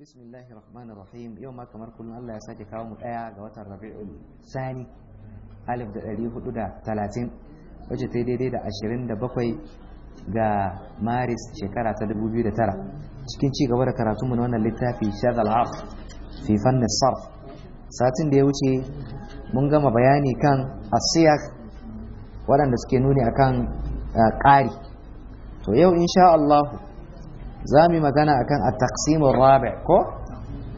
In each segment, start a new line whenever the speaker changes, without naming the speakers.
bismillahir rahmanir rahim yau ma kamar kullum Allah ya sake kawo mu daya ga watan rabi'ul sani alif da ɗari hudu da talatin wacce ta daidai da ashirin da bakwai ga maris shekara ta dubu biyu da tara cikin ci gaba da mu na wannan littafi shazal haf fi sarf satin da ya wuce mun gama bayani kan asiyak waɗanda suke nuni akan eh, ƙari to yau insha Allah za mu magana akan a taqsimur rabi' ko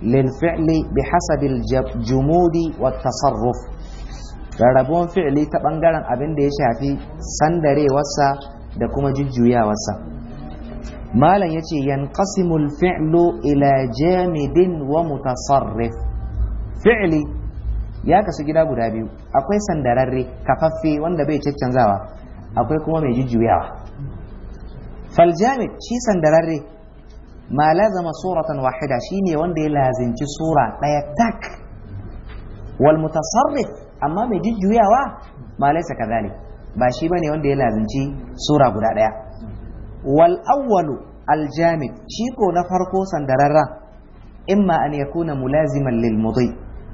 lil fi'li bi hasabil jumudi wa tasarruf rabon fi'li ta bangaren abin da ya shafi sandarewarsa da kuma jujjuyawarsa malam yace yanqasimul fi'lu ila jamidin wa mutasarrif fi'li ya kasu gida guda biyu akwai sandararre kafaffe wanda bai caccanzawa akwai kuma mai jujjuyawa jamid shi sandararre ma lazama suratan wahida shine wanda ya lazinci sura ɗaya tak wal mutasarrif amma mai jujjuyawa ma laisa kadhalik ba shi bane wanda ya lazinci sura guda ɗaya wal awwalu al jamid shi ko na farko sandararra imma an yakuna mulaziman lil mudhi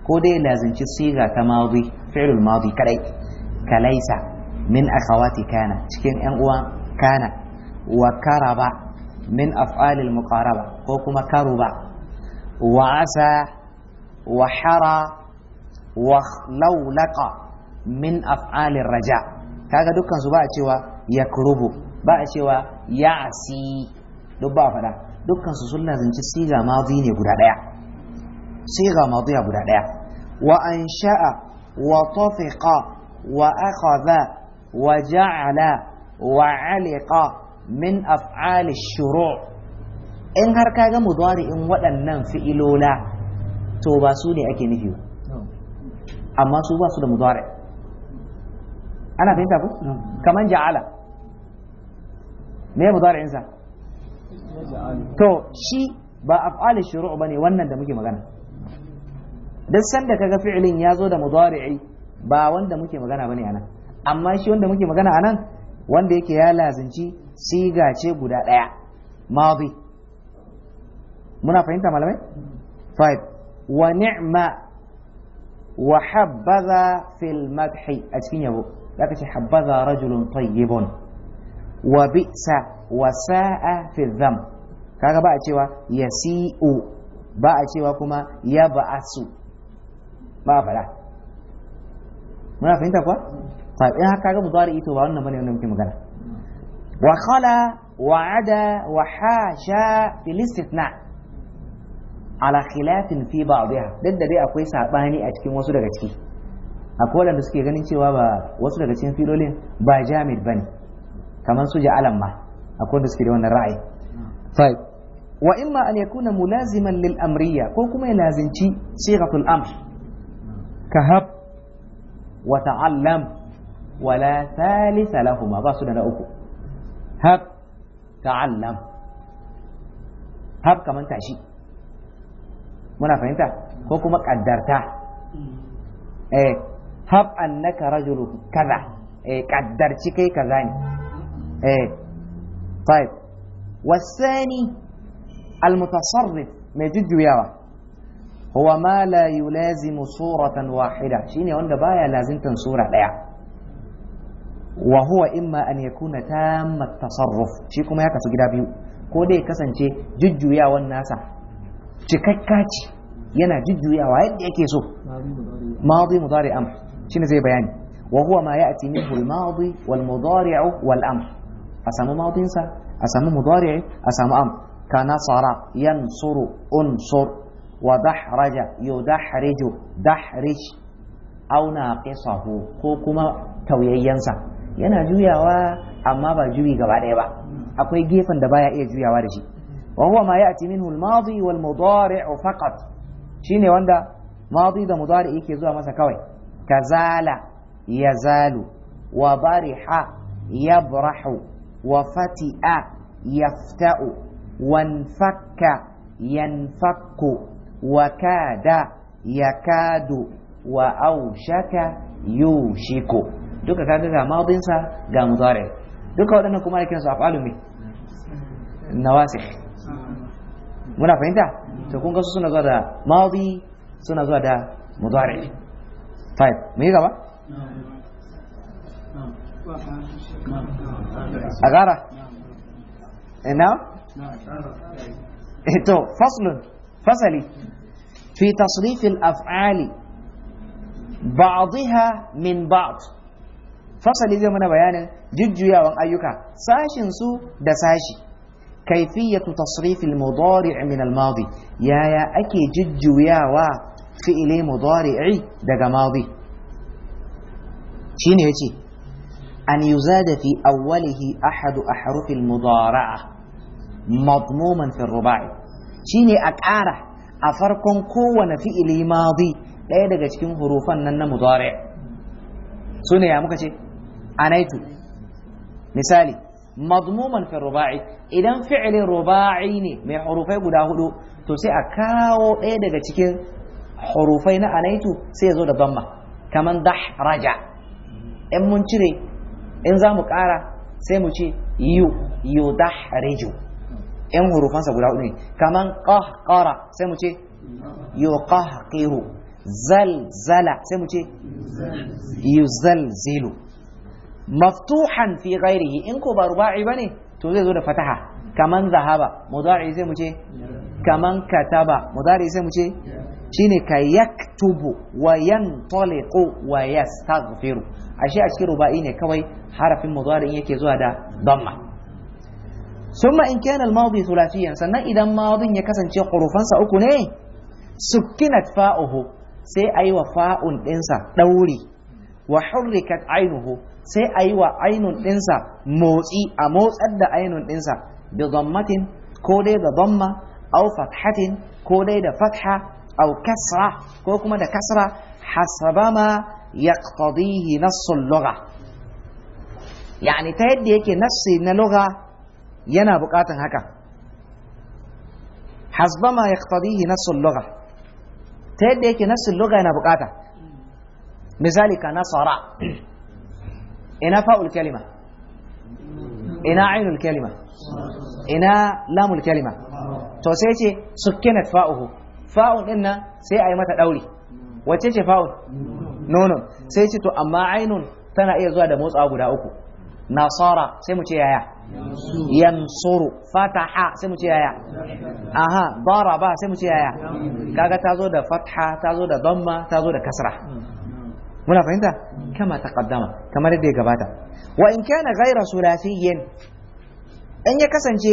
ko dai lazinci siga ta madi fi'lul madi kadai kalaisa min akhawati kana cikin yan uwa kana wa karaba min af'alil muqaraba ko kuma karuba wa asa wa hara wa laulaqa min af'alir raja kaga dukkan su ba a cewa yakrubu ba a cewa ya'si duk ba faɗa dukkan su sun lazanci siga madi ne guda ɗaya siga madiya guda ɗaya wa ansha'a wa tafiqa wa akhadha wa ja'ala wa aliqa min af'ali shuru' in har ka ga mudari'in waɗannan fi'ilola to ba su ne ake nufi amma su ba su da mudari ana fahimta ku kaman ja'ala me mudari'in sa to shi ba af'ali shuru' bane wannan da muke magana duk sanda kaga fi'ilin ya zo da mudari'i ba wanda muke magana bane anan amma shi wanda muke magana anan wanda yake ya lazanci siga ce guda ɗaya madi muna fahimta malamai five wa ni'ma wa habbaza fil madhi a cikin yabo zaka ce habbaza rajulun tayyibun wa bi'sa wa sa'a fil dham kaga ba a cewa yasi'u ba a cewa kuma ya ba'asu ba a fada muna fahimta kuwa fa in haka ga mudari ito ba wannan bane wannan muke magana وخلا وعدا وحاشا في الاستثناء على خلاف في بعضها duk da dai akwai sabani a cikin wasu daga ciki akwai wanda suke ganin cewa ba wasu daga cikin filolin ba jamid bane kamar su ja'alan ma akwai wanda suke da wannan ra'ayi طيب واما ان يكون ملازما للامريه ko kuma ya lazinci sigatul amr kahab wa ta'allam wala thalitha lahum ba su da na uku hab ta'allam hab kaman tashi muna fahimta ko kuma kaddarta eh, hab annaka rajulu kaza eh, kaddarci kai kaza ne eh طيب والثاني المتصرف ما يجد ياوه هو ما لا يلازم صورة واحدة شيني وانده بايا wa huwa imma an yakuna tammat tasarruf shi kuma ya kasu gida biyu ko dai kasance jujjuyawan nasa cikakka ce yana jujjuyawa yadda yake so madi mudari amr shine zai bayani wa huwa ma ya'ti minhu al-madi wal mudari'u wal amr a samu madinsa a samu mudari'i a samu amr kana sara yansuru unsur wa dahraja yudahriju dahrij auna naqisahu ko kuma tauyayyansa yana juyawa amma ba juyi gaba ɗaya ba akwai gefen da baya iya juyawa da shi wa huwa ma ya'ti minhu al-madi wal mudari'u faqat shine wanda madi da mudari yake zuwa masa kawai kazala yazalu wa bariha yabrahu wa fati'a yafta'u wanfakka yanfakku wa kada yakadu wa aushaka yushiku duka kaga ga madin sa ga mudari duka wadannan kuma ake su af'alu me nawasikh muna fahimta to kun ga su suna zuwa da madi suna zuwa da mudari me ga ba agara ina to fasl fasali fi tasrif al af'ali ba'dha min ba'd fasali zai mana bayanin jujjuyawan ayyuka sashin su da sashi kaifiyatu tasrifil mudari' min al madi yaya ake jujjuyawa fi'ili mudari'i daga madi shine yace an yuzada fi awwalihi ahadu ahrufil mudari'a madmuman fi ruba'i shine a ƙara a farkon kowane fi'ili madi ɗaya daga cikin hurufan nan na mudari' su ne ya muka ce anaitu misali madmuman fi ruba'i idan fi'lin ruba'i ne mai hurufai guda hudu to sai a kawo ɗaya daga cikin hurufai na anaitu sai ya zo da bamma kaman dahraja in mun cire in za mu ƙara sai mu ce yu yu raju in hurufansa guda hudu ne kaman qahqara sai mu ce yu qahqiru zalzala sai mu ce yuzalzilu maftuhan fi ghairihi in ko ba ruba'i bane to zai zo da fataha kaman zahaba mudari sai mu ce kaman kataba mudari sai mu ce shine ka yaktubu wa yantaliqu wa yastaghfiru ashe a cikin ruba'i ne kawai harafin mudari yake zuwa da damma ثم إن كان الماضي ثلاثيا سنة إذا ماضي يكسن شيء حروفا سأكون إيه سكنت فاؤه sai a yi wa fa'un ɗinsa ɗauri wa hurrikat ainuhu sai a yi wa ainun ɗinsa motsi a motsar da ainun ɗinsa bi zammatin ko dai da zamma au fathatin ko dai da fatha au kasra ko kuma da kasra hasaba ma yani ta yadda yake nassi na lugha yana buƙatan haka hasba ma yaqtadihi nassul ta yadda yake nassin lugha yana bukata misali ka nasara ina fa'ul kalima ina ainul kalima ina lamul kalima to sai ce sukkinat fa'uhu fa'un din nan sai a yi mata ɗauri, wacce ce fa'un nono sai ce to amma ainun tana iya zuwa da motsawa guda uku nasara sai mu ce yaya yansuru fataha sai mu ce yaya aha daraba sai mu ce yaya kaga tazo da fatha tazo da damma tazo da kasra muna fahimta kama taqaddama kamar da ya gabata wa in kana ghaira sulasiyin in ya kasance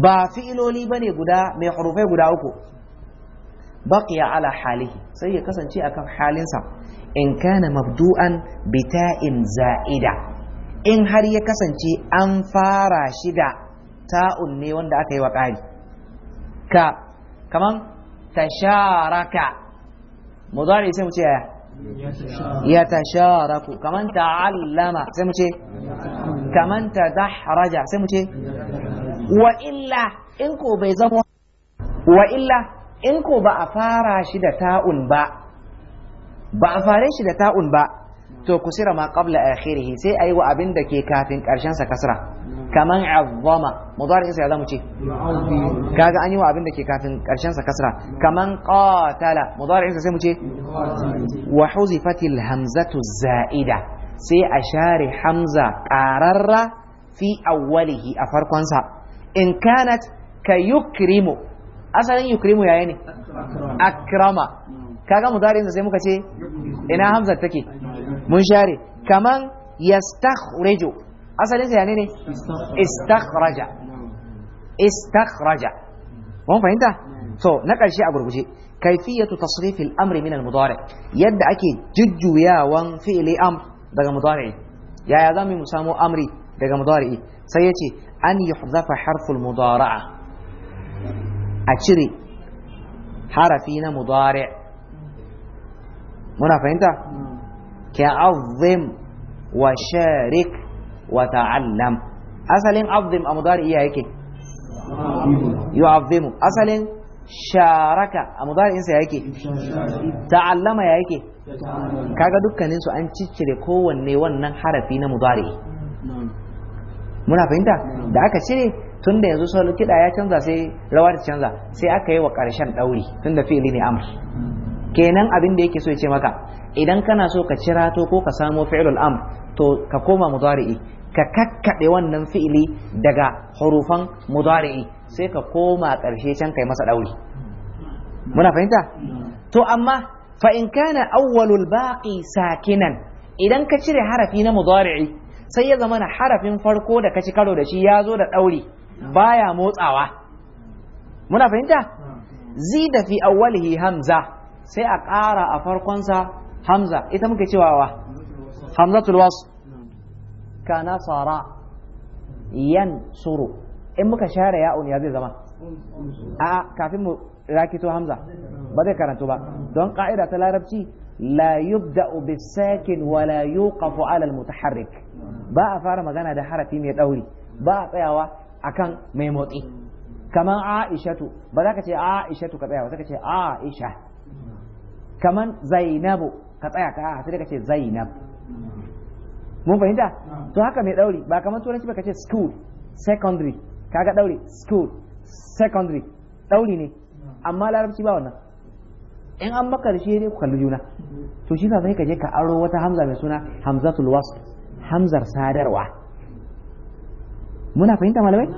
ba fi'iloli bane guda mai hurufai guda uku baqiya ala halihi sai ya kasance akan halinsa in kana mabdu'an bita'in za'ida in har ya kasance an fara shi da ta'un ne wanda aka yi wa ƙari ka kaman tasharaka mudari sai mu ce yaya ya tasharaku kaman ta'allama sai mu ce kaman tadahraja sai mu ce wa illa in ko bai zama wa illa in ko ba a fara shi da ta'un ba ba a fara shi da ta'un ba to kusira ma qabla akhirih sai ayi wa abin da ke kafin karshen sa kasra kaman azzama mudari sai zamu ce kaga an yi wa abin da ke kafin karshen sa kasra kaman qatala mudari sai mu ce wa huzifatil hamzatu zaida sai a share hamza qararra fi awwalihi a farkon sa in kanat kayukrimu asalin yukrimu yayi ne akrama kaga mudari sai muka ce ina hamza take mun share kaman yastakhrijo asalin sa ne istakhraja istakhraja mun fahimta to na karshe a gurguje kaifiyatu tasrif al-amr min al-mudari yadda ake jujjuyawan fi'li am daga mudari yaya zamu mu samu amri daga mudari sai yace an yuhdafa harful mudara'a a cire harafi na mudari muna fahimta كعظم وشارك وتعلم أصل عظم أمدار إيه هيك يعظم أصل شارك أمضار إنسى هيك تعلم يا هيك kaga dukkanin ننسو أن ciccire كو wannan harafi na مداري muna fahimta da aka cire tun da yanzu salo kiɗa ya canza sai rawar canza sai aka yi wa ƙarshen ɗauri tun da fi'ili ne amr kenan abin da yake so ya ce maka idan kana so ka cira to ko ka samo fi'lul am to ka koma mudari'i ka kakkade wannan fi'ili daga hurufan mudari'i sai ka koma ƙarshe can kai masa ɗauri muna fahimta to amma fa in kana awwalul baqi sakinan idan ka cire harafi na mudari'i sai ya zama harafin farko da ka ci karo da shi ya zo da ɗauri baya motsawa muna fahimta zida fi awwalihi hamza sai a ƙara a farkonsa hamza ita muke cewa wa hamzatul wasu ka nasara yan suru in muka share ya'un ya zai zama a kafin mu rakito hamza ba zai karanto ba don ƙa'ida ta larabci la yubda'u bisakin wa la yuqafu ala almutaharrik ba a fara magana da harafi mai dauri ba a tsayawa akan mai motsi kamar aishatu ba za ka ce aishatu ka tsaya ba za ka ce aisha kaman zainabu ka tsaya ka sai daga ce zainab mun fahimta to haka mai dauri ba kaman turanci ba ka ce school secondary kaga dauri school secondary dauri ne amma larabci ba wannan in an maka da shi ne ku kalli juna to shi sa sai ka je ka aro wata hamza mai suna hamzatul wasl hamzar sadarwa muna fahimta malamai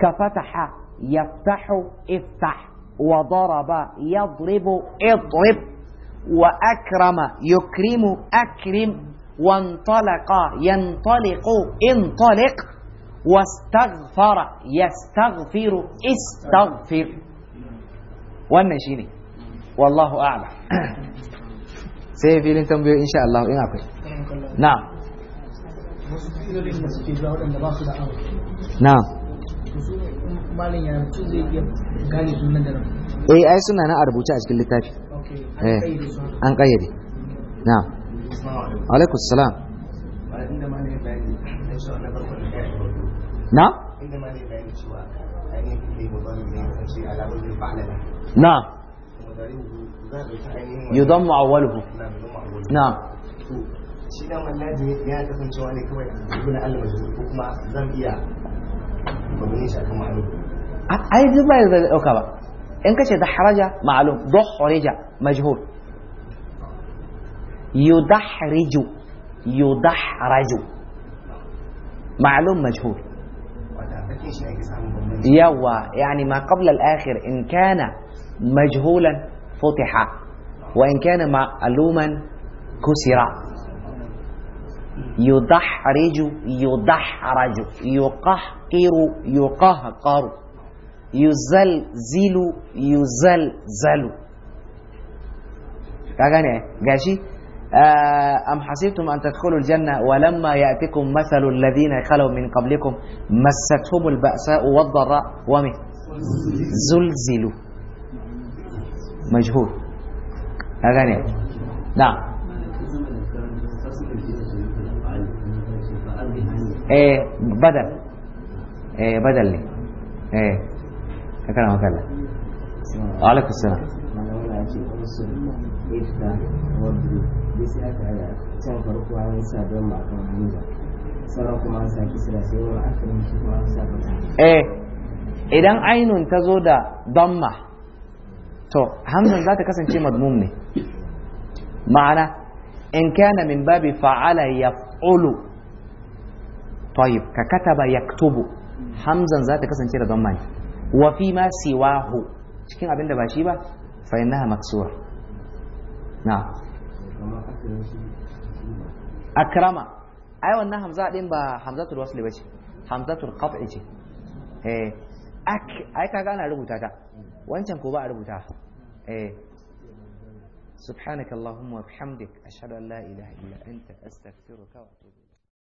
ka fataha yaftahu iftah وضرب يضرب اضرب وأكرم يكرم أكرم وانطلق ينطلق انطلق واستغفر يستغفر استغفر والنجيني والله أعلم سيفي لنتم إن شاء الله إن أقول نعم نعم eh ai suna na a rubuce a cikin littafi eh an kayyade na'am alaikum salam na na yudammu ma'awalhu Na: shi da mallaji ya kasance wani kawai ibn ko kuma zan iya ai duk ba da dauka ba in kace da haraja ma'lum duhrija majhul yudahriju yudahraju ma'lum majhul يوا يعني ما قبل الآخر إن كان مجهولا فتح وإن كان معلوما كسر يدحرج يدحرج يقهقر يقهقر يزلزل يزلزل كاغاني جاشي آه، أم حسبتم أن تدخلوا الجنة ولما يأتكم مثل الذين خلوا من قبلكم مستهم البأساء والضراء ومن زلزلوا مجهول هذا نعم eh badal eh badal ne eh ka kana makalla السلام salam eh, idan ainun ta zo da damma to hamzan za ta kasance madmum ne ma'ana in kana min babi fa'ala ya yaf'ulu tayyib ka kataba yaktubu hamzan za ta kasance da dhamma ne wa fi ma siwahu cikin abin ba shi ba fa innaha maksura na akrama ai wannan ba hamzatul wasli bace hamzatul qat'i ce eh ai kaga rubuta ta wancan ko a rubuta